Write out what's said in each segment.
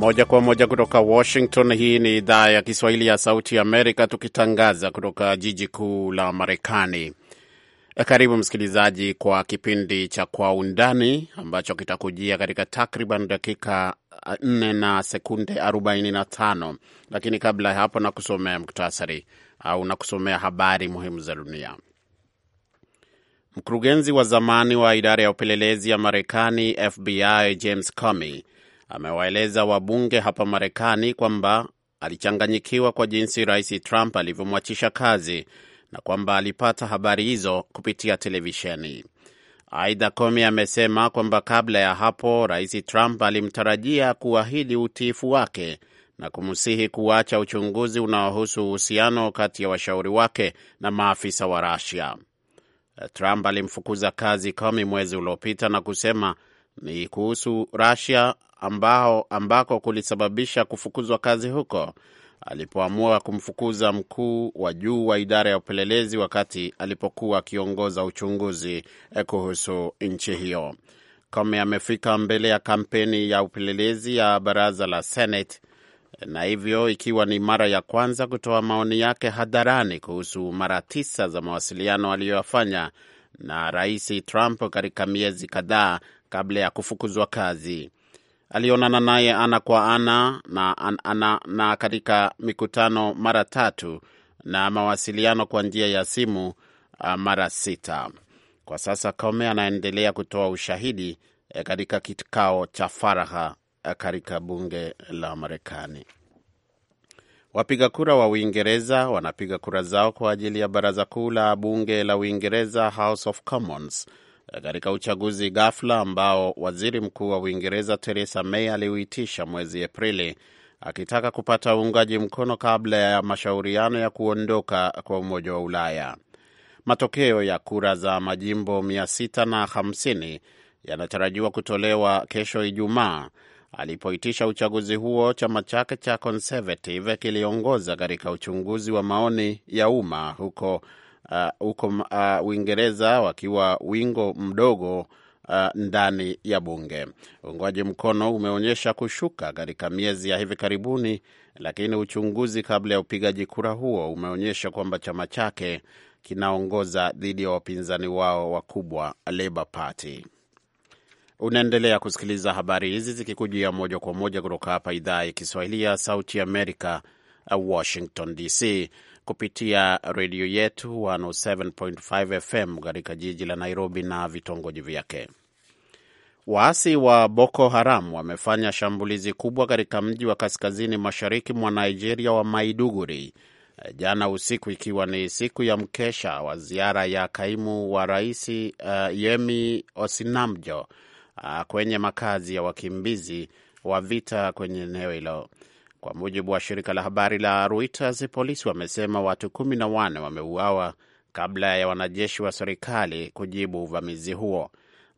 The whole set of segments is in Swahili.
Moja kwa moja kutoka Washington. Hii ni idhaa ya Kiswahili ya Sauti ya Amerika, tukitangaza kutoka jiji kuu la Marekani. E, karibu msikilizaji kwa kipindi cha Kwa Undani ambacho kitakujia katika takriban dakika 4 na sekunde 45, lakini kabla ya hapo na kusomea muktasari au na kusomea habari muhimu za dunia. Mkurugenzi wa zamani wa idara ya upelelezi ya Marekani, FBI, James Comey amewaeleza wabunge hapa Marekani kwamba alichanganyikiwa kwa jinsi Rais Trump alivyomwachisha kazi na kwamba alipata habari hizo kupitia televisheni. Aidha, Comey amesema kwamba kabla ya hapo Rais Trump alimtarajia kuahidi utiifu wake na kumsihi kuacha uchunguzi unaohusu uhusiano kati ya washauri wake na maafisa wa Russia. Trump alimfukuza kazi Comey mwezi uliopita na kusema ni kuhusu rasia ambao ambako kulisababisha kufukuzwa kazi huko alipoamua kumfukuza mkuu wa juu wa idara ya upelelezi wakati alipokuwa akiongoza uchunguzi eh, kuhusu nchi hiyo. Kome amefika mbele ya kampeni ya upelelezi ya baraza la Senate na hivyo ikiwa ni mara ya kwanza kutoa maoni yake hadharani kuhusu mara tisa za mawasiliano aliyoyafanya na Rais Trump katika miezi kadhaa kabla ya kufukuzwa kazi. Alionana naye ana kwa ana na, ana, na katika mikutano mara tatu na mawasiliano kwa njia ya simu uh, mara sita. Kwa sasa Kome anaendelea kutoa ushahidi eh, katika kikao cha faragha eh, katika bunge la Marekani. Wapiga kura wa Uingereza wanapiga kura zao kwa ajili ya baraza kuu la bunge la Uingereza, House of Commons, katika uchaguzi ghafla ambao waziri mkuu wa Uingereza Theresa May aliuitisha mwezi Aprili akitaka kupata uungaji mkono kabla ya mashauriano ya kuondoka kwa Umoja wa Ulaya. Matokeo ya kura za majimbo 650 yanatarajiwa kutolewa kesho Ijumaa. Alipoitisha uchaguzi huo, chama chake cha Conservative kiliongoza katika uchunguzi wa maoni ya umma huko Uh, huko uh, uh, Uingereza wakiwa wingo mdogo Uh, ndani ya bunge. Uungwaji mkono umeonyesha kushuka katika miezi ya hivi karibuni, lakini uchunguzi kabla ya upigaji kura huo umeonyesha kwamba chama chake kinaongoza dhidi ya wapinzani wao wakubwa Labour Party. Unaendelea kusikiliza habari hizi zikikujia moja kwa moja kutoka hapa idhaa ya Kiswahili ya Sauti Amerika, uh, Washington DC kupitia redio yetu 107.5 FM katika jiji la Nairobi na vitongoji vyake. Waasi wa Boko Haram wamefanya shambulizi kubwa katika mji wa kaskazini mashariki mwa Nigeria wa Maiduguri eh, jana usiku, ikiwa ni siku ya mkesha wa ziara ya kaimu wa rais uh, Yemi Osinamjo uh, kwenye makazi ya wakimbizi wa vita kwenye eneo hilo. Kwa mujibu wa shirika la habari la Reuters, polisi wamesema watu kumi na wane wameuawa kabla ya wanajeshi wa serikali kujibu uvamizi huo.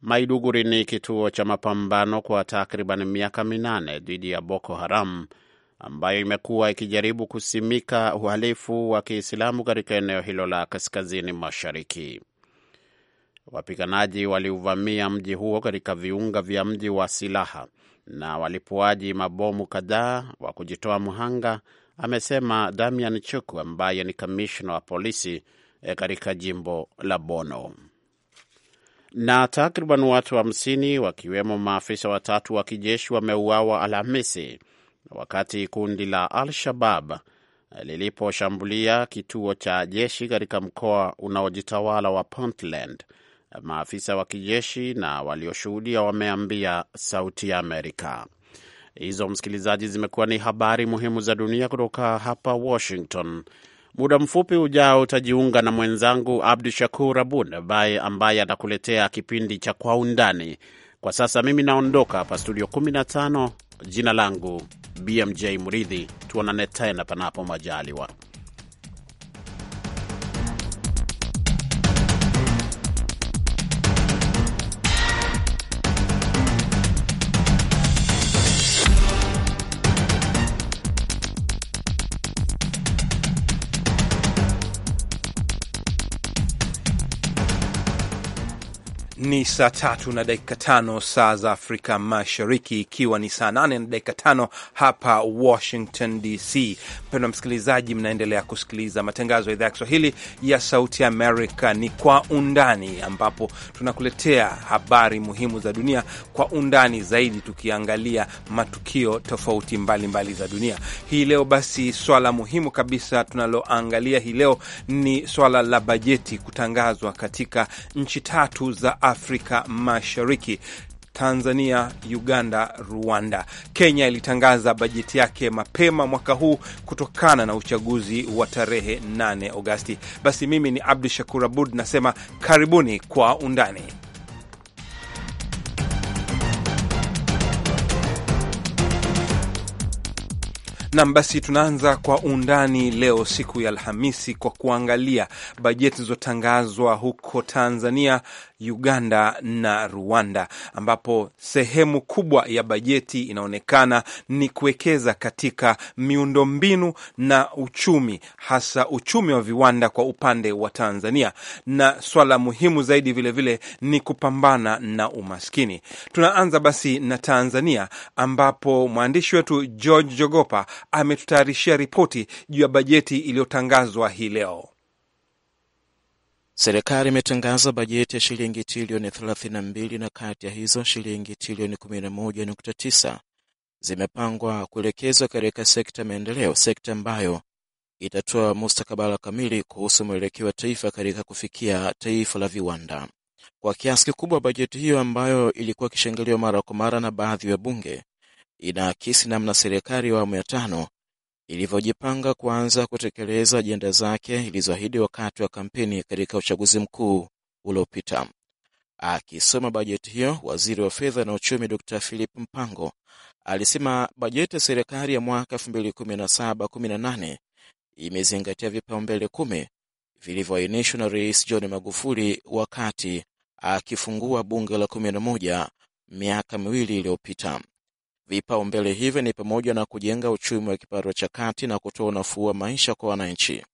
Maiduguri ni kituo cha mapambano kwa takriban miaka minane dhidi ya Boko Haram ambayo imekuwa ikijaribu kusimika uhalifu wa Kiislamu katika eneo hilo la kaskazini mashariki. Wapiganaji waliuvamia mji huo katika viunga vya mji wa silaha na walipuaji mabomu kadhaa wa kujitoa mhanga, amesema Damian Chuku ambaye ni kamishna wa polisi e, katika jimbo la Bono. Na takriban watu hamsini wa wakiwemo maafisa watatu wa kijeshi wameuawa Alhamisi wakati kundi la Al-Shabab liliposhambulia kituo cha jeshi katika mkoa unaojitawala wa Puntland maafisa wa kijeshi na walioshuhudia wameambia Sauti ya Amerika. Hizo msikilizaji, zimekuwa ni habari muhimu za dunia kutoka hapa Washington. Muda mfupi ujao utajiunga na mwenzangu Abdu Shakur Abud ambaye atakuletea kipindi cha Kwa Undani. Kwa sasa mimi naondoka hapa studio 15. Jina langu BMJ Muridhi, tuonane tena panapo majaliwa. saa tatu na dakika tano saa za Afrika Mashariki, ikiwa ni saa nane na dakika tano hapa Washington DC. Mpendwa msikilizaji, mnaendelea kusikiliza matangazo ya idhaa ya Kiswahili ya Sauti Amerika ni Kwa Undani, ambapo tunakuletea habari muhimu za dunia kwa undani zaidi, tukiangalia matukio tofauti mbalimbali mbali za dunia hii leo. Basi swala muhimu kabisa tunaloangalia hii leo ni swala la bajeti kutangazwa katika nchi tatu za Afrika Afrika Mashariki Tanzania, Uganda, Rwanda. Kenya ilitangaza bajeti yake mapema mwaka huu kutokana na uchaguzi wa tarehe 8 Agosti. Basi mimi ni Abdu Shakur Abud nasema karibuni kwa undani Nam, basi tunaanza kwa undani leo, siku ya Alhamisi, kwa kuangalia bajeti zilizotangazwa huko Tanzania, Uganda na Rwanda, ambapo sehemu kubwa ya bajeti inaonekana ni kuwekeza katika miundombinu na uchumi, hasa uchumi wa viwanda kwa upande wa Tanzania, na swala muhimu zaidi vilevile vile ni kupambana na umaskini. Tunaanza basi na Tanzania, ambapo mwandishi wetu George Jogopa ametutayarishia ripoti juu ya bajeti iliyotangazwa hii leo. Serikali imetangaza bajeti ya shilingi trilioni 32 na kati ya hizo shilingi trilioni 11.9 zimepangwa kuelekezwa katika sekta ya maendeleo, sekta ambayo itatoa mustakabala kamili kuhusu mwelekeo wa taifa katika kufikia taifa la viwanda. Kwa kiasi kikubwa, bajeti hiyo ambayo ilikuwa ikishangiliwa mara kwa mara na baadhi ya bunge inaakisi namna serikali ya awamu ya tano ilivyojipanga kuanza kutekeleza ajenda zake ilizoahidi wakati wa kampeni katika uchaguzi mkuu uliopita. Akisoma bajeti hiyo, waziri wa fedha na uchumi Dr Philip Mpango alisema bajeti ya serikali ya mwaka 2017/18 imezingatia vipaumbele kumi vilivyoainishwa na Rais John Magufuli wakati akifungua bunge la 11 miaka miwili iliyopita. Vipaumbele hivyo ni pamoja na kujenga uchumi wa kipato cha kati na kutoa unafuu wa maisha kwa wananchi.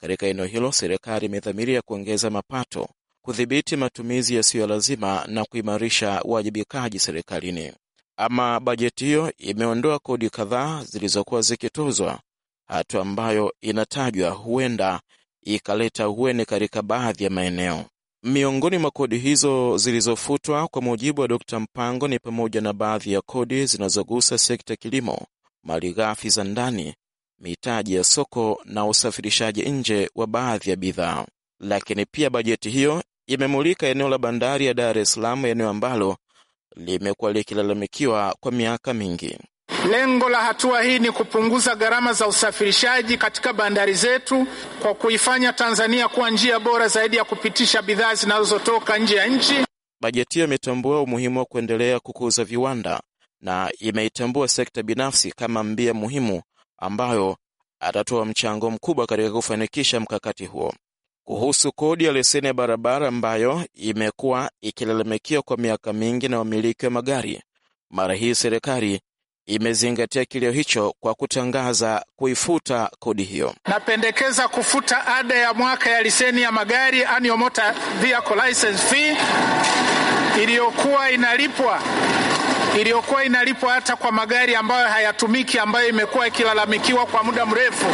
Katika eneo hilo, serikali imedhamiria kuongeza mapato, kudhibiti matumizi yasiyo lazima na kuimarisha uwajibikaji serikalini. Ama bajeti hiyo imeondoa kodi kadhaa zilizokuwa zikitozwa, hatua ambayo inatajwa huenda ikaleta hueni katika baadhi ya maeneo. Miongoni mwa kodi hizo zilizofutwa kwa mujibu wa Dr Mpango ni pamoja na baadhi ya kodi zinazogusa sekta ya kilimo, ghafi za ndani, mitaji ya soko na usafirishaji nje wa baadhi ya bidhaa. Lakini pia bajeti hiyo imemulika eneo la bandari ya Dar es Salaam, eneo ambalo limekuwa likilalamikiwa kwa miaka mingi. Lengo la hatua hii ni kupunguza gharama za usafirishaji katika bandari zetu kwa kuifanya Tanzania kuwa njia bora zaidi ya kupitisha bidhaa zinazotoka nje ya nchi. Bajeti hiyo imetambua umuhimu wa kuendelea kukuza viwanda na imeitambua sekta binafsi kama mbia muhimu ambayo atatoa mchango mkubwa katika kufanikisha mkakati huo. Kuhusu kodi ya leseni ya barabara ambayo imekuwa ikilalamikiwa kwa miaka mingi na wamiliki wa magari, mara hii serikali imezingatia kilio hicho kwa kutangaza kuifuta kodi hiyo. Napendekeza kufuta ada ya mwaka ya leseni ya magari annual motor vehicle license fee iliyokuwa inalipwa iliyokuwa inalipwa hata kwa magari ambayo hayatumiki ambayo imekuwa ikilalamikiwa kwa muda mrefu.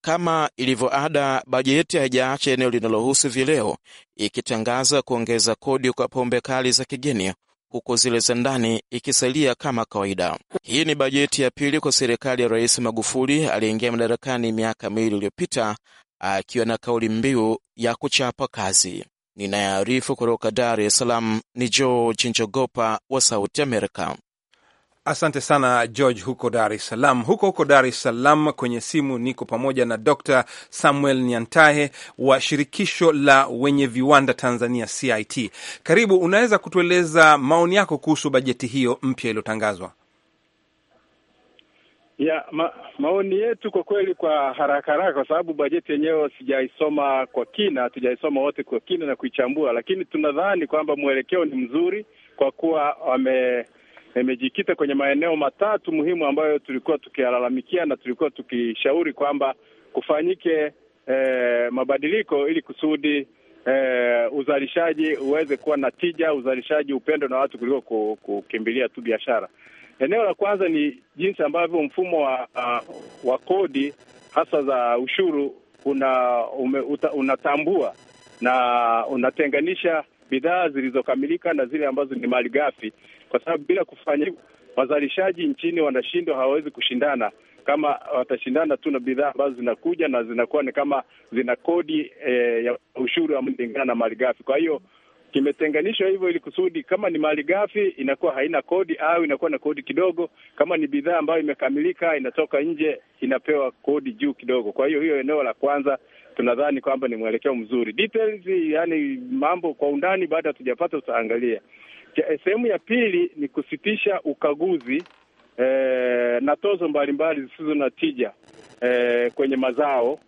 Kama ilivyo ada, bajeti haijaacha eneo linalohusu vileo, ikitangaza kuongeza kodi kwa pombe kali za kigeni huku zile za ndani ikisalia kama kawaida. Hii ni bajeti ya pili kwa serikali ya Rais Magufuli aliyeingia madarakani miaka miwili iliyopita akiwa na kauli mbiu ya kuchapa kazi. Ninayearifu kutoka Dar es Salaam ni George Njogopa wa Sauti Amerika. Asante sana George, huko Dar es Salaam. Huko huko Dar es Salaam, kwenye simu niko pamoja na Dr Samuel Nyantahe wa shirikisho la wenye viwanda Tanzania, CIT. Karibu, unaweza kutueleza maoni yako kuhusu bajeti hiyo mpya iliyotangazwa? ya ma, maoni yetu kwa kweli, kwa haraka haraka, kwa sababu bajeti yenyewe sijaisoma kwa kina, hatujaisoma wote kwa kina na kuichambua, lakini tunadhani kwamba mwelekeo ni mzuri kwa kuwa wame imejikita kwenye maeneo matatu muhimu ambayo tulikuwa tukiyalalamikia na tulikuwa tukishauri kwamba kufanyike eh, mabadiliko ili kusudi eh, uzalishaji uweze kuwa na tija, uzalishaji upendo na watu kuliko kukimbilia tu biashara. Eneo la kwanza ni jinsi ambavyo mfumo wa, uh, wa kodi hasa za ushuru una ume, uta, unatambua na unatenganisha bidhaa zilizokamilika na zile ambazo ni mali ghafi, kwa sababu bila kufanya hivyo wazalishaji nchini wanashindwa, hawawezi kushindana kama watashindana tu na bidhaa ambazo zinakuja na zinakuwa ni kama zina kodi e, ya ushuru ambao inalingana na mali ghafi. Kwa hiyo kimetenganishwa hivyo ili kusudi, kama ni mali ghafi inakuwa haina kodi au inakuwa na kodi kidogo. Kama ni bidhaa ambayo imekamilika inatoka nje, inapewa kodi juu kidogo. Kwa hiyo hiyo eneo la kwanza tunadhani kwamba ni mwelekeo mzuri. Details, yani mambo kwa undani baada hatujapata, tutaangalia. Eh, sehemu ya pili ni kusitisha ukaguzi eh, na tozo mbalimbali zisizo na tija eh, kwenye mazao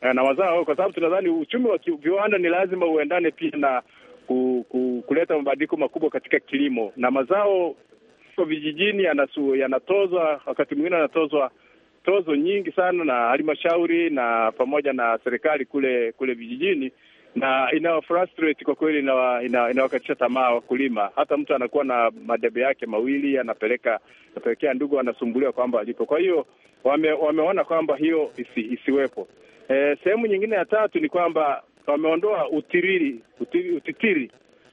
eh, na mazao, kwa sababu tunadhani uchumi wa viwanda ni lazima uendane pia na ku, ku, kuleta mabadiliko makubwa katika kilimo na mazao vijijini yanatozwa, wakati mwingine yanatozwa tozo nyingi sana na halmashauri na pamoja na serikali kule kule vijijini, na inawa frustrate kwa kweli, inawakatisha ina, tamaa wakulima. Hata mtu anakuwa na madebe yake mawili anapeleka anapelekea ndugu, anasumbuliwa kwamba alipo. Kwa hiyo wame, wameona kwamba hiyo isi, isiwepo. E, sehemu nyingine ya tatu ni kwamba wameondoa utiriri utiri, utitiri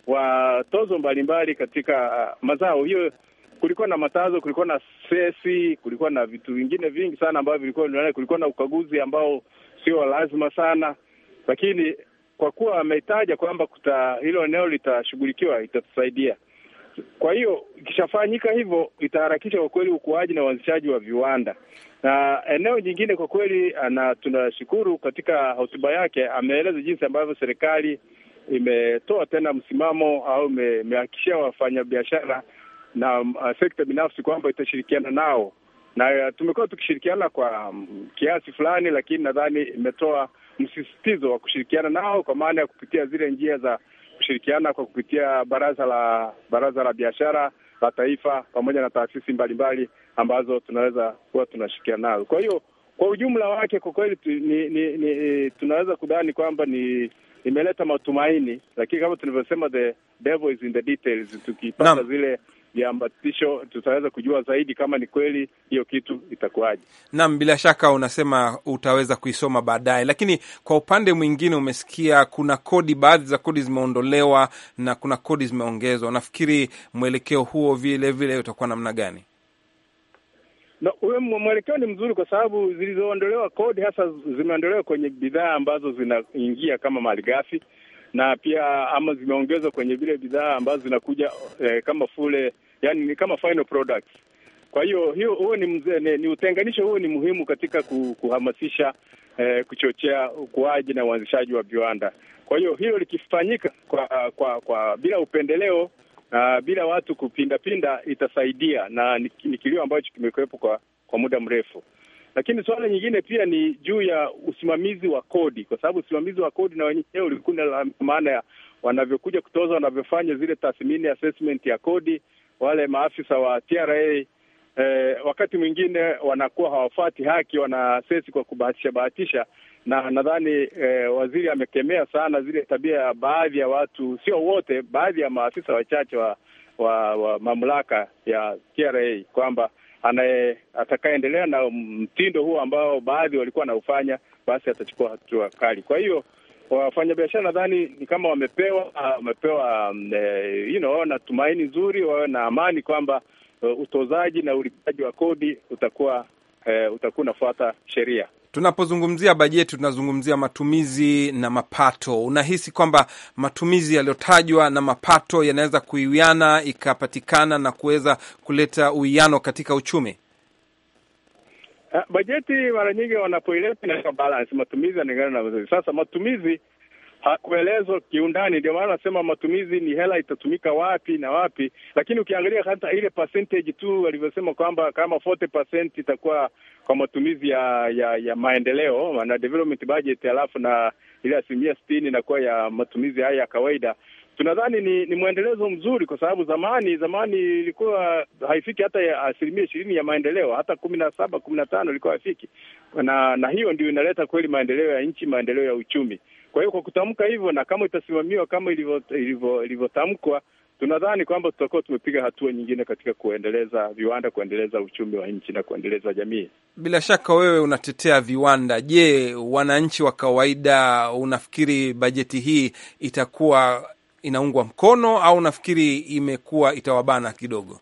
wa tozo mbalimbali katika uh, mazao hiyo. Kulikuwa na matazo, kulikuwa na kesi, kulikuwa na vitu vingine vingi sana ambavyo vilikuwa, kulikuwa na ukaguzi ambao sio lazima sana, lakini kwa kuwa ametaja kwamba kuta hilo eneo litashughulikiwa, itatusaidia. Kwa hiyo ikishafanyika hivyo, itaharakisha kwa kweli ukuaji na uanzishaji wa viwanda. Na eneo nyingine kwa kweli, na tunashukuru katika hotuba yake ameeleza jinsi ambavyo serikali imetoa tena msimamo au imehakikishia wafanyabiashara na um, uh, sekta binafsi kwamba itashirikiana nao, na uh, tumekuwa tukishirikiana kwa um, kiasi fulani, lakini nadhani imetoa msisitizo wa kushirikiana nao kwa maana ya kupitia zile njia za kushirikiana kwa kupitia baraza la baraza la biashara la taifa pamoja na taasisi mbalimbali ambazo tunaweza kuwa tunashirikiana nao. Kwa hiyo kwa ujumla wake kwa kweli tu, ni, ni, ni, tunaweza kudhani kwamba ni imeleta matumaini, lakini kama tulivyosema the devil is in the details, tukipata zile viambatisho, tutaweza kujua zaidi kama ni kweli hiyo kitu itakuwaje. Naam, bila shaka unasema utaweza kuisoma baadaye, lakini kwa upande mwingine umesikia kuna kodi, baadhi za kodi zimeondolewa na kuna kodi zimeongezwa. Nafikiri mwelekeo huo vile vile utakuwa namna gani? No, mwelekeo ni mzuri kwa sababu zilizoondolewa kodi hasa zimeondolewa kwenye bidhaa ambazo zinaingia kama malighafi na pia ama zimeongezwa kwenye vile bidhaa ambazo zinakuja eh, kama fule yani ni kama final products. Kwa hiyo hiyo huo ni, ni, ni utenganisho huo ni muhimu katika kuhamasisha eh, kuchochea ukuaji na uanzishaji wa viwanda. Kwa hiyo hilo likifanyika kwa kwa kwa bila upendeleo na bila watu kupindapinda itasaidia, na ni kilio ambacho kimekuwepo kwa kwa muda mrefu. Lakini suala nyingine pia ni juu ya usimamizi wa kodi, kwa sababu usimamizi wa kodi na wenyewe ulikuwa na maana ya wanavyokuja kutoza, wanavyofanya zile tathmini assessment ya kodi wale maafisa wa TRA eh, wakati mwingine wanakuwa hawafati haki, wanasesi kwa kubahatisha bahatisha, na nadhani eh, waziri amekemea sana zile tabia ya baadhi ya watu, sio wote, baadhi ya maafisa wachache wa, wa, wa mamlaka ya TRA kwamba anaye atakayeendelea na mtindo huo ambao baadhi walikuwa wanaufanya basi atachukua hatua kali. Kwa hiyo wafanyabiashara nadhani ni kama wamepewa uh, wamepewa, um, eh, you know, na tumaini nzuri, wawe na amani kwamba uh, utozaji na ulipaji wa kodi utakuwa uh, utakuwa unafuata sheria. Tunapozungumzia bajeti tunazungumzia matumizi na mapato. Unahisi kwamba matumizi yaliyotajwa na mapato yanaweza kuiwiana ikapatikana na kuweza kuleta uwiano katika uchumi? Uh, bajeti mara nyingi wanapoileta inaitwa balance, matumizi yanalingana na vizuri. Sasa matumizi hakuelezwa kiundani, ndio maana nasema matumizi ni hela itatumika wapi na wapi, lakini ukiangalia hata ile percentage tu walivyosema kwamba kama 40% itakuwa kwa matumizi ya ya, ya maendeleo na development budget, alafu na ile asilimia sitini inakuwa ya matumizi haya ya kawaida tunadhani ni, ni mwendelezo mzuri kwa sababu zamani zamani ilikuwa haifiki hata asilimia ishirini ya maendeleo, hata kumi na saba kumi na tano ilikuwa haifiki, na na hiyo ndio inaleta kweli maendeleo ya nchi, maendeleo ya uchumi. Kwa hiyo kwa kutamka hivyo na kama itasimamiwa kama ilivyotamkwa, tunadhani kwamba tutakuwa tumepiga hatua nyingine katika kuendeleza viwanda, kuendeleza uchumi wa nchi na kuendeleza jamii. Bila shaka wewe unatetea viwanda. Je, wananchi wa kawaida unafikiri bajeti hii itakuwa inaungwa mkono au nafikiri imekuwa itawabana kidogo?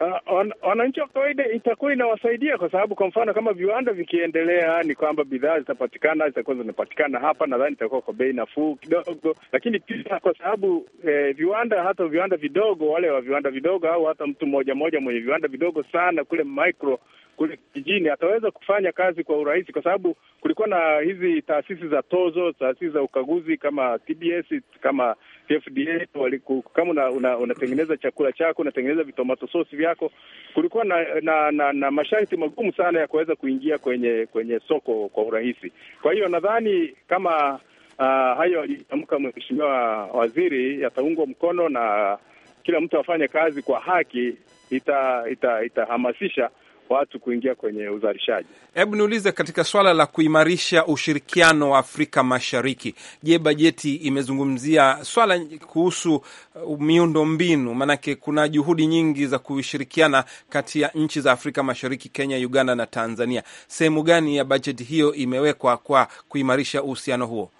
Ah, wananchi wa kawaida itakuwa inawasaidia kwa sababu, kwa mfano kama viwanda vikiendelea, ni kwamba bidhaa zitapatikana, zitakuwa zinapatikana hapa, nadhani itakuwa kwa bei nafuu kidogo, lakini pia kwa sababu eh, viwanda hata viwanda vidogo, wale wa viwanda vidogo au hata mtu mmoja mmoja mwenye viwanda vidogo sana kule micro kule kijijini ataweza kufanya kazi kwa urahisi, kwa sababu kulikuwa na hizi taasisi za tozo, taasisi za ukaguzi kama TBS, kama FDA, waliku, kama unatengeneza una, una chakula chako unatengeneza vitomato sosi vyako, kulikuwa na na, na, na masharti magumu sana ya kuweza kuingia kwenye kwenye soko kwa urahisi. Kwa hiyo nadhani kama uh, hayo alitamka mheshimiwa waziri yataungwa mkono na kila mtu afanye kazi kwa haki, itahamasisha ita, ita watu kuingia kwenye uzalishaji. Hebu niulize, katika swala la kuimarisha ushirikiano wa Afrika Mashariki, je, bajeti imezungumzia swala kuhusu uh, miundo mbinu? Maanake kuna juhudi nyingi za kushirikiana kati ya nchi za Afrika Mashariki, Kenya, Uganda na Tanzania. Sehemu gani ya bajeti hiyo imewekwa kwa kuimarisha uhusiano huo?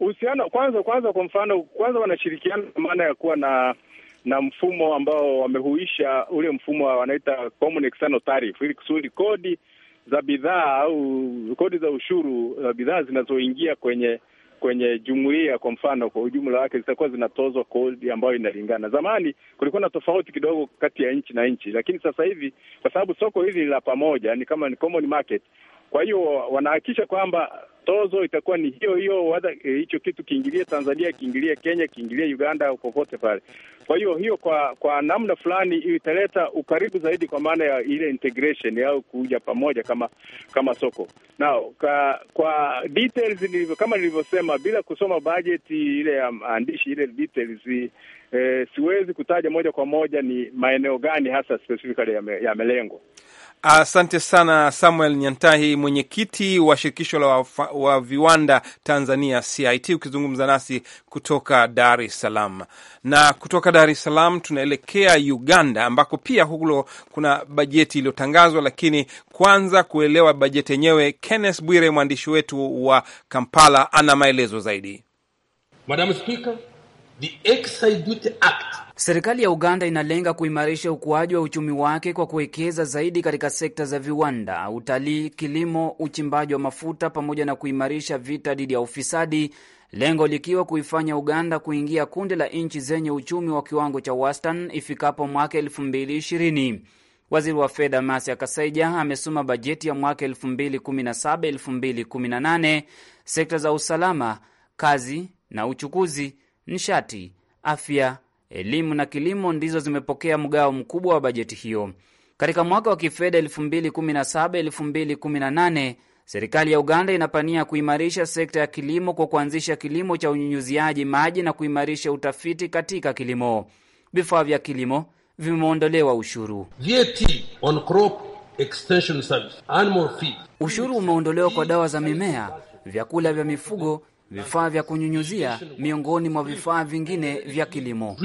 Uhusiano kwanza kwanza, kwa mfano, kwanza wanashirikiana kwa maana ya kuwa na na mfumo ambao wamehuisha ule mfumo wanaita common external tariff, ili kusudi kodi za bidhaa au kodi za ushuru za uh, bidhaa zinazoingia kwenye kwenye jumuiya kwa mfano, kwa ujumla wake zitakuwa zinatozwa kodi ambayo inalingana. Zamani kulikuwa na tofauti kidogo kati ya nchi na nchi, lakini sasa hivi kwa sababu soko hili ni la pamoja, ni kama ni common market, kwa hiyo wanahakikisha kwamba tozo itakuwa ni hiyo hiyo, wada e, hicho kitu kiingilie Tanzania, kiingilie Kenya, kiingilie Uganda, kokote pale. Kwa hiyo hiyo, kwa kwa namna fulani italeta ukaribu zaidi, kwa maana ya ile integration au kuja pamoja kama kama soko. Na kwa, kwa details nilivyo, kama nilivyosema, bila kusoma bajeti ile ya maandishi ile details eh, siwezi kutaja moja kwa moja ni maeneo gani hasa specifically yamelengwa, yame Asante sana Samuel Nyantahi, mwenyekiti wa shirikisho la wa viwanda Tanzania CIT, ukizungumza nasi kutoka Dar es Salaam. Na kutoka Dar es Salaam tunaelekea Uganda, ambako pia hulo kuna bajeti iliyotangazwa, lakini kwanza kuelewa bajeti yenyewe, Kenneth Bwire mwandishi wetu wa Kampala ana maelezo zaidi. Madam Spika, The Excise Duty Act. Serikali ya Uganda inalenga kuimarisha ukuaji wa uchumi wake kwa kuwekeza zaidi katika sekta za viwanda, utalii, kilimo, uchimbaji wa mafuta pamoja na kuimarisha vita dhidi ya ufisadi, lengo likiwa kuifanya Uganda kuingia kundi la nchi zenye uchumi wa kiwango cha wastani ifikapo mwaka 2020. Waziri wa fedha Masia Kasaija amesoma bajeti ya mwaka 2017-2018, sekta za usalama, kazi na uchukuzi nishati, afya, elimu na kilimo ndizo zimepokea mgao mkubwa wa bajeti hiyo. Katika mwaka wa kifedha 2017-2018 serikali ya Uganda inapania kuimarisha sekta ya kilimo kwa kuanzisha kilimo cha unyunyuziaji maji na kuimarisha utafiti katika kilimo. Vifaa vya kilimo vimeondolewa ushuru. VAT on crop extension service, animal feed. Ushuru umeondolewa kwa dawa za mimea, vyakula vya mifugo vifaa vya kunyunyuzia, miongoni mwa vifaa vingine vya kilimo.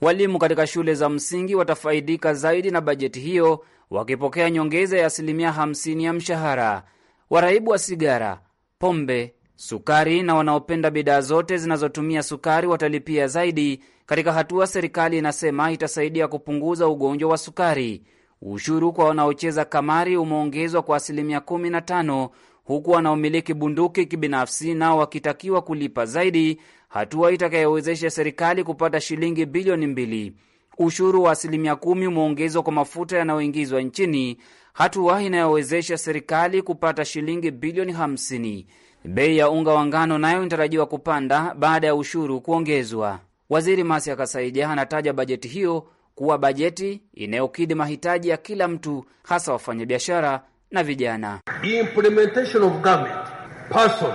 Walimu katika shule za msingi watafaidika zaidi na bajeti hiyo, wakipokea nyongeza ya asilimia 50 ya mshahara. Waraibu wa sigara, pombe, sukari na wanaopenda bidhaa zote zinazotumia sukari watalipia zaidi. Katika hatua serikali inasema itasaidia kupunguza ugonjwa wa sukari. Ushuru kwa wanaocheza kamari umeongezwa kwa asilimia 15 huku wanaomiliki bunduki kibinafsi nao wakitakiwa kulipa zaidi, hatua itakayowezesha serikali kupata shilingi bilioni mbili. Ushuru wa asilimia kumi umeongezwa kwa mafuta yanayoingizwa nchini, hatua inayowezesha serikali kupata shilingi bilioni hamsini. Bei ya unga wa ngano nayo inatarajiwa kupanda baada ya ushuru kuongezwa. Waziri Masia Kasaija anataja bajeti hiyo kuwa bajeti inayokidhi mahitaji ya kila mtu, hasa wafanyabiashara na vijana. The implementation of government person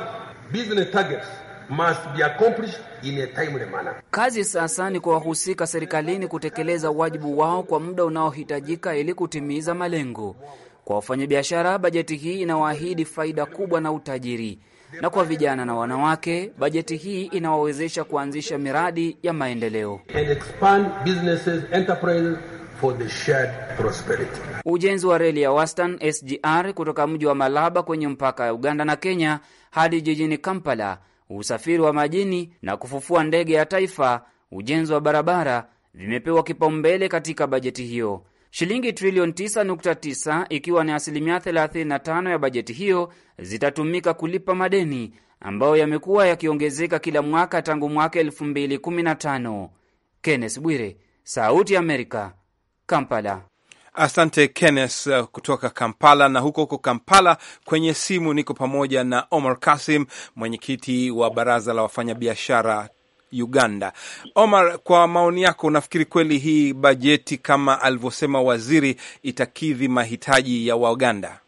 business targets must be accomplished in a timely manner. Kazi sasa ni kwa wahusika serikalini kutekeleza wajibu wao kwa muda unaohitajika ili kutimiza malengo. Kwa wafanyabiashara, bajeti hii inawaahidi faida kubwa na utajiri, na kwa vijana na wanawake, bajeti hii inawawezesha kuanzisha miradi ya maendeleo And expand businesses, enterprises for the shared prosperity. Ujenzi wa reli ya Western SGR kutoka mji wa Malaba kwenye mpaka ya Uganda na Kenya hadi jijini Kampala, usafiri wa majini na kufufua ndege ya taifa, ujenzi wa barabara vimepewa kipaumbele katika bajeti hiyo. Shilingi trilioni 9.9 ikiwa ni asilimia 35 ya bajeti hiyo zitatumika kulipa madeni ambayo yamekuwa yakiongezeka kila mwaka tangu mwaka 2015. Kenneth Bwire, Sauti ya Amerika, Kampala. Asante Kenneth uh, kutoka Kampala. Na huko huko Kampala kwenye simu niko pamoja na Omar Kasim, mwenyekiti wa baraza la wafanyabiashara Uganda. Omar, kwa maoni yako, unafikiri kweli hii bajeti kama alivyosema waziri itakidhi mahitaji ya Waganda?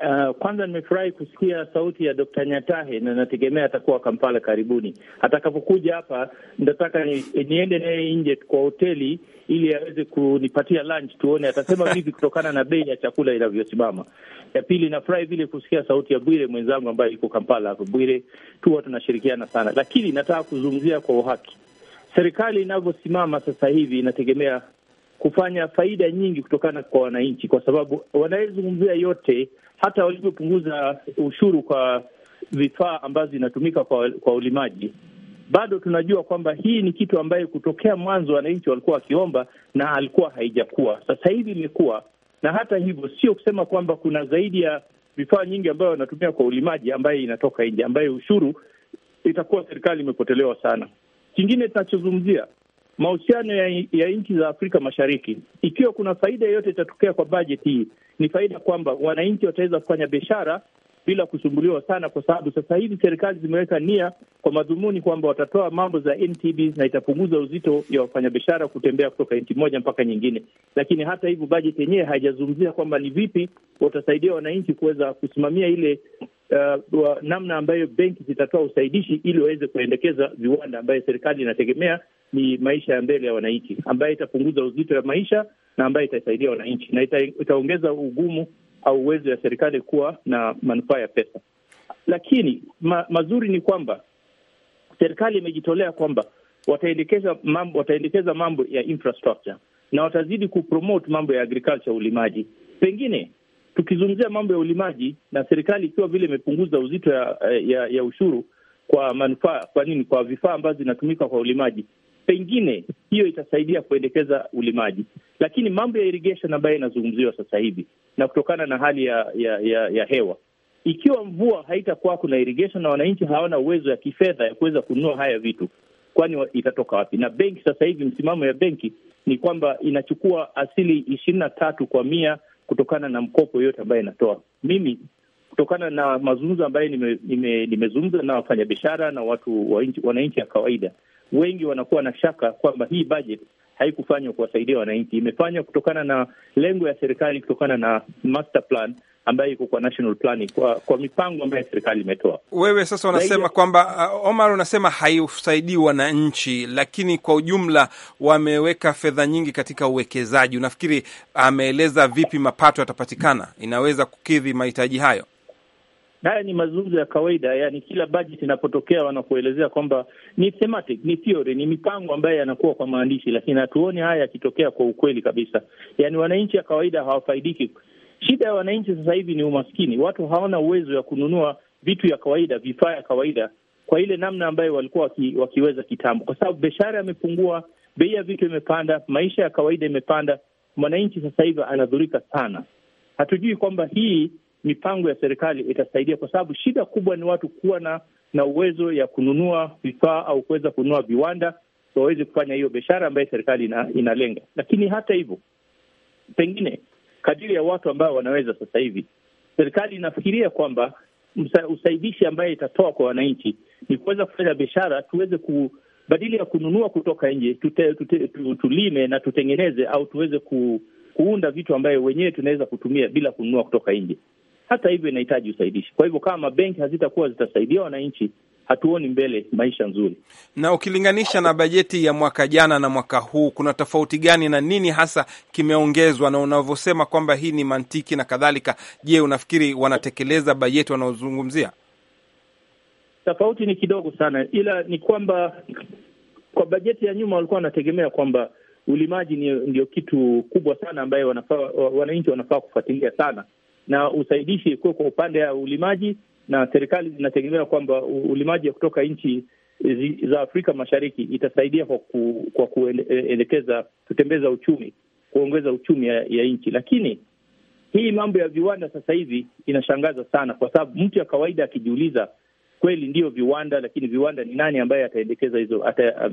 Uh, kwanza nimefurahi kusikia sauti ya Dr. Nyatahe na nategemea atakuwa Kampala karibuni. Atakapokuja hapa nitataka ni, niende naye nje kwa hoteli ili aweze kunipatia lunch, tuone atasema vipi kutokana na bei ya chakula inavyosimama. Ya pili, nafurahi vile kusikia sauti ya Bwire mwenzangu ambaye yuko Kampala hapo. Bwire tuwa tunashirikiana sana, lakini nataka kuzungumzia kwa uhaki serikali inavyosimama sasa hivi inategemea kufanya faida nyingi kutokana kwa wananchi, kwa sababu wanayezungumzia yote, hata walivyopunguza ushuru kwa vifaa ambazo inatumika kwa, kwa ulimaji bado tunajua kwamba hii ni kitu ambayo kutokea mwanzo wananchi walikuwa wakiomba na alikuwa haijakuwa, sasa hivi imekuwa. Na hata hivyo, sio kusema kwamba kuna zaidi ya vifaa nyingi ambayo wanatumia kwa ulimaji ambayo inatoka nje, ambayo ushuru itakuwa serikali imepotelewa sana. Kingine tunachozungumzia mahusiano ya, ya nchi za Afrika Mashariki, ikiwa kuna faida yoyote itatokea kwa bajeti hii, ni faida kwamba wananchi wataweza kufanya biashara bila kusumbuliwa sana, kwa sababu sasa hivi serikali zimeweka nia kwa madhumuni kwamba watatoa mambo za NTB na itapunguza uzito ya wafanyabiashara kutembea kutoka nchi moja mpaka nyingine. Lakini hata hivyo, bajeti yenyewe haijazungumzia kwamba ni vipi watasaidia wananchi kuweza kusimamia ile uh, namna ambayo benki zitatoa usaidishi ili waweze kuendekeza viwanda ambayo serikali inategemea ni maisha ya mbele ya wananchi, ambayo itapunguza uzito ya maisha na ambayo itasaidia wananchi na ita, itaongeza ugumu au uwezo ya serikali kuwa na manufaa ya pesa. Lakini ma, mazuri ni kwamba serikali imejitolea kwamba wataendekeza mambo, wataendekeza mambo ya infrastructure na watazidi kupromote mambo ya agriculture, ulimaji. Pengine tukizungumzia mambo ya ulimaji na serikali ikiwa vile imepunguza uzito ya, ya, ya ushuru kwa manufaa, kwa nini, kwa vifaa ambazo zinatumika kwa ulimaji, pengine hiyo itasaidia kuendekeza ulimaji, lakini mambo ya irrigation ambayo inazungumziwa sasa hivi na kutokana na hali ya ya, ya, ya hewa ikiwa mvua haitakuwa kuna irrigation na wananchi hawana uwezo ya kifedha ya kuweza kununua haya vitu, kwani itatoka wapi? Na benki sasa hivi, msimamo ya benki ni kwamba inachukua asili ishirini na tatu kwa mia kutokana na mkopo yote ambayo inatoa. Mimi kutokana na mazungumzo ambayo nimezungumza nime, nime na wafanyabiashara na watu wananchi wa kawaida, wengi wanakuwa na shaka kwamba hii budget haikufanywa kuwasaidia wananchi, imefanywa kutokana na lengo ya serikali, kutokana na master plan ambayo iko kwa national planning, kwa kwa mipango ambayo serikali imetoa. Wewe sasa unasema kwamba uh, Omar unasema haiusaidii wananchi, lakini kwa ujumla wameweka fedha nyingi katika uwekezaji. Unafikiri ameeleza vipi mapato yatapatikana, inaweza kukidhi mahitaji hayo? haya ni mazungumzo ya kawaida, yani kila budget inapotokea wanakuelezea kwamba ni thematic, ni theory, ni mipango ambayo yanakuwa kwa maandishi, lakini hatuoni haya yakitokea kwa ukweli kabisa. Yani wananchi ya kawaida hawafaidiki. Shida ya wananchi sasa hivi ni umaskini, watu hawana uwezo ya kununua vitu ya kawaida, vifaa ya kawaida kwa ile namna ambayo walikuwa waki, wakiweza kitambo, kwa sababu biashara imepungua, bei ya vitu imepanda, maisha ya kawaida imepanda. Mwananchi sasa hivi anadhurika sana. Hatujui kwamba hii mipango ya serikali itasaidia, kwa sababu shida kubwa ni watu kuwa na na uwezo ya kununua vifaa au kuweza kununua viwanda waweze so kufanya hiyo biashara ambayo serikali ina, inalenga. Lakini hata hivyo, pengine kadiri ya watu ambao wanaweza sasa hivi, serikali inafikiria kwamba usaidishi ambaye itatoa kwa wananchi ni kuweza kufanya biashara, tuweze ku badili ya kununua kutoka nje tute, tute, tulime na tutengeneze au tuweze ku, kuunda vitu ambayo wenyewe tunaweza kutumia bila kununua kutoka nje hata hivyo inahitaji usaidishi. Kwa hivyo kama benki hazitakuwa zitasaidia wananchi, hatuoni mbele maisha nzuri. Na ukilinganisha na bajeti ya mwaka jana na mwaka huu, kuna tofauti gani na nini hasa kimeongezwa? Na unavyosema kwamba hii ni mantiki na kadhalika, je, unafikiri wanatekeleza bajeti wanaozungumzia? Tofauti ni kidogo sana, ila ni kwamba kwa bajeti ya nyuma walikuwa wanategemea kwamba ulimaji ndio kitu kubwa sana ambayo wanafaa wananchi wanafaa kufuatilia sana na usaidishi kuwe kwa upande ya ulimaji, na serikali zinategemea kwamba ulimaji kutoka nchi za Afrika Mashariki itasaidia kwa, ku, kwa kuelekeza kutembeza uchumi, kuongeza uchumi ya, ya nchi. Lakini hii mambo ya viwanda sasa hivi inashangaza sana, kwa sababu mtu ya kawaida akijiuliza kweli ndiyo viwanda, lakini viwanda ni nani ambaye ataendekeza hizo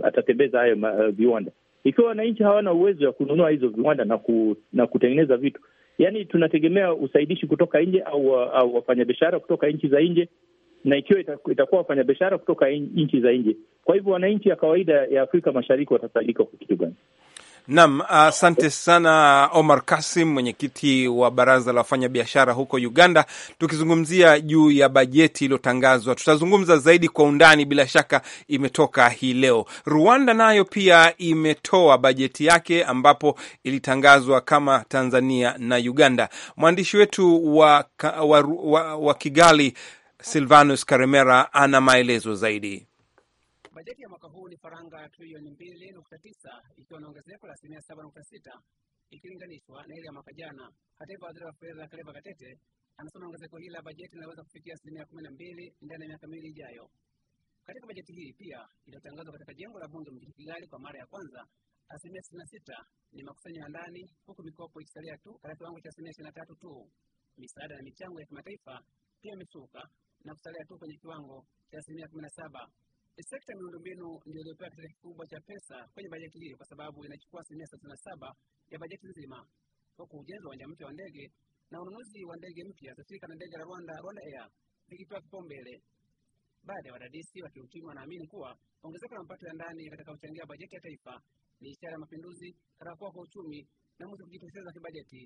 atatembeza hayo viwanda ikiwa wananchi hawana uwezo wa kununua hizo viwanda na, ku, na kutengeneza vitu yaani tunategemea usaidishi kutoka nje au, au wafanyabiashara kutoka nchi za nje, na ikiwa itakuwa wafanyabiashara kutoka nchi za nje. Kwa hivyo wananchi ya kawaida ya Afrika Mashariki watasaidika kwa kitu gani? Naam, asante sana Omar Kasim, mwenyekiti wa baraza la wafanyabiashara huko Uganda, tukizungumzia juu ya bajeti iliyotangazwa. Tutazungumza zaidi kwa undani, bila shaka imetoka hii leo. Rwanda nayo pia imetoa bajeti yake, ambapo ilitangazwa kama Tanzania na Uganda. Mwandishi wetu wa, wa, wa, wa Kigali Silvanus Karemera ana maelezo zaidi. Bajeti ya mwaka huu ni faranga trilioni mbili nukta tisa ikiwa na ongezeko la asilimia saba nukta sita ikilinganishwa na ile ya mwaka jana. Hata hivyo, waziri wa fedha Kaleva katete anasema ongezeko hili la bajeti linaweza kufikia asilimia kumi na mbili ndani ya miaka miwili ijayo. Katika bajeti hii pia iliyotangazwa katika jengo la bunge mjini Kigali kwa mara ya kwanza, asilimia sitini na sita ni makusanyo ya ndani, huku mikopo ikisalia tu katika kiwango cha asilimia ishirini na tatu tu. Misaada na michango ya kimataifa pia imeshuka na kusalia tu kwenye kiwango cha asilimia kumi na saba. Sekta ya miundombinu ndio iliyopewa kiasi kikubwa cha pesa kwenye bajeti hii kwa sababu inachukua asilimia thelathini na saba ya bajeti nzima, huku ujenzi wa uwanja mpya wa ndege na ununuzi wa ndege mpya za shirika la ndege la Rwanda Rwanda Air zikipewa kipaumbele. Baadhi ya wadadisi wa kiuchumi wanaamini kuwa ongezeko la mapato ya ndani yatakayochangia bajeti ya taifa ni ishara ya mapinduzi katika kuwa kwa uchumi na mwisho kujitosheleza kibajeti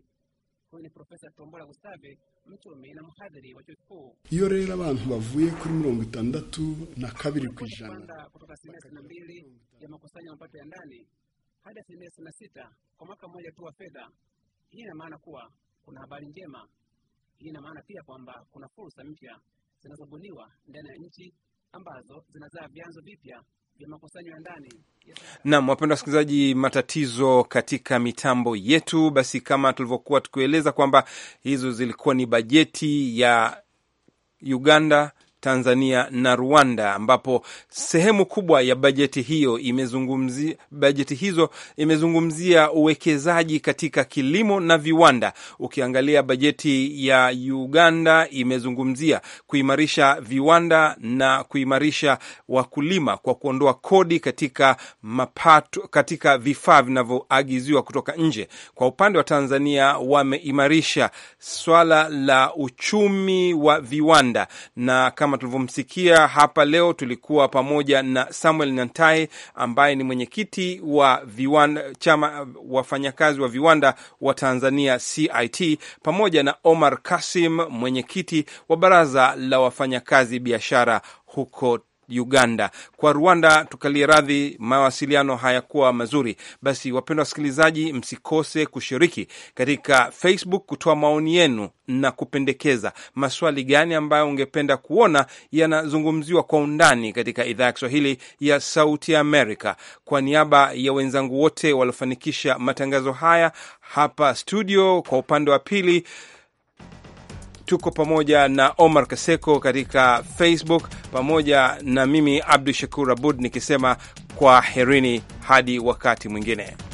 huyu ni profesa tombola gustave mchumi na mhadhiri wa chuo kikuu iyo rero abantu bavuye kuri mirongo itandatu na kabiri ku ijana kutoka asilimia sitini na mbili ya makusanyo mapato ya ndani hadi asilimia sitini na sita kwa mwaka mmoja tu wa fedha hii ina maana kuwa kuna habari njema hii ina maana pia kwamba kuna fursa mpya zinazobuniwa ndani ya nchi ambazo zinazaa vyanzo vipya nam wapenda Naam, wasikilizaji, matatizo katika mitambo yetu. Basi kama tulivyokuwa tukieleza kwamba hizo zilikuwa ni bajeti ya Uganda Tanzania na Rwanda, ambapo sehemu kubwa ya bajeti hiyo imezungumzia, bajeti hizo imezungumzia uwekezaji katika kilimo na viwanda. Ukiangalia bajeti ya Uganda imezungumzia kuimarisha viwanda na kuimarisha wakulima kwa kuondoa kodi katika mapato, katika vifaa vinavyoagiziwa kutoka nje. Kwa upande wa Tanzania wameimarisha swala la uchumi wa viwanda na kama tulivyomsikia hapa leo, tulikuwa pamoja na Samuel Nantai ambaye ni mwenyekiti wa viwanda, chama wafanyakazi wa viwanda wa Tanzania CIT, pamoja na Omar Kasim, mwenyekiti wa baraza la wafanyakazi biashara huko Uganda. Kwa Rwanda tukalie radhi, mawasiliano hayakuwa mazuri. Basi wapendwa wasikilizaji, msikose kushiriki katika Facebook kutoa maoni yenu na kupendekeza maswali gani ambayo ungependa kuona yanazungumziwa kwa undani katika idhaa ya Kiswahili ya Sauti ya Amerika. Kwa niaba ya wenzangu wote waliofanikisha matangazo haya hapa studio, kwa upande wa pili tuko pamoja na Omar Kaseko katika Facebook pamoja na mimi Abdu Shakur Abud nikisema kwa herini hadi wakati mwingine.